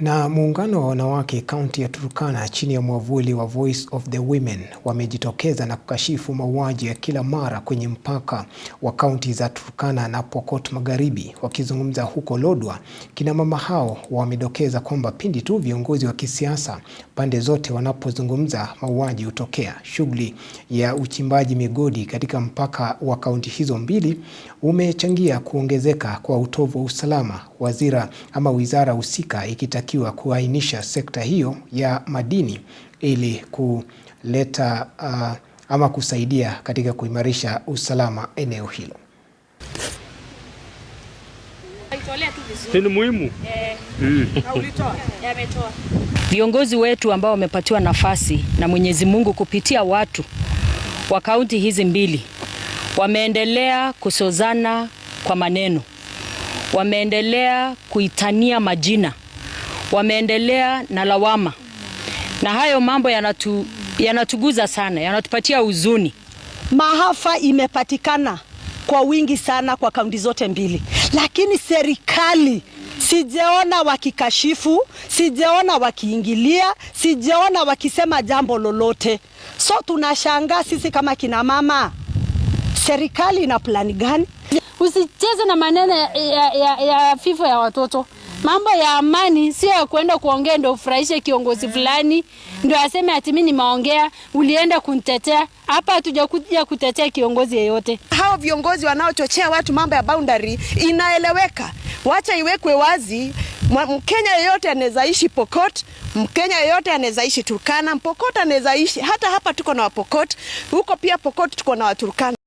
Na, muungano wa wanawake kaunti ya Turkana chini ya mwavuli wa Voice of the Women wamejitokeza na kukashifu mauaji ya kila mara kwenye mpaka wa kaunti za Turkana na Pokot Magharibi. Wakizungumza huko Lodwar, kina mama hao wamedokeza kwamba pindi tu viongozi wa kisiasa pande zote wanapozungumza, mauaji hutokea. Shughuli ya uchimbaji migodi katika mpaka wa kaunti hizo mbili umechangia kuongezeka kwa utovu wa usalama. Wazira ama wizara husika ikitakiwa kuainisha sekta hiyo ya madini ili kuleta uh, ama kusaidia katika kuimarisha usalama eneo hilo. Eh. Mm. Viongozi wetu ambao wamepatiwa nafasi na Mwenyezi Mungu kupitia watu wa kaunti hizi mbili wameendelea kusozana kwa maneno, wameendelea kuitania majina wameendelea na lawama, na hayo mambo yanatu, yanatuguza sana, yanatupatia huzuni. Maafa imepatikana kwa wingi sana kwa kaunti zote mbili, lakini serikali sijaona wakikashifu, sijaona wakiingilia, sijaona wakisema jambo lolote. So tunashangaa sisi kama kina mama, serikali ina plani gani? Usicheze na maneno ya, ya, ya, ya FIFA ya watoto. Mambo ya amani sio ya kwenda kuongea ndio ufurahishe kiongozi eh. fulani, ndio aseme ati mimi nimeongea, ulienda kunitetea. Hapa hatujakuja kutetea kiongozi yeyote. Hao viongozi wanaochochea watu mambo ya boundary inaeleweka, wacha iwekwe wazi. Mkenya yeyote anaweza ishi Pokot, Mkenya yeyote anaweza ishi Turkana, Mpokot anaweza ishi hata hapa. Tuko na Wapokot huko, pia Pokot tuko na Waturkana.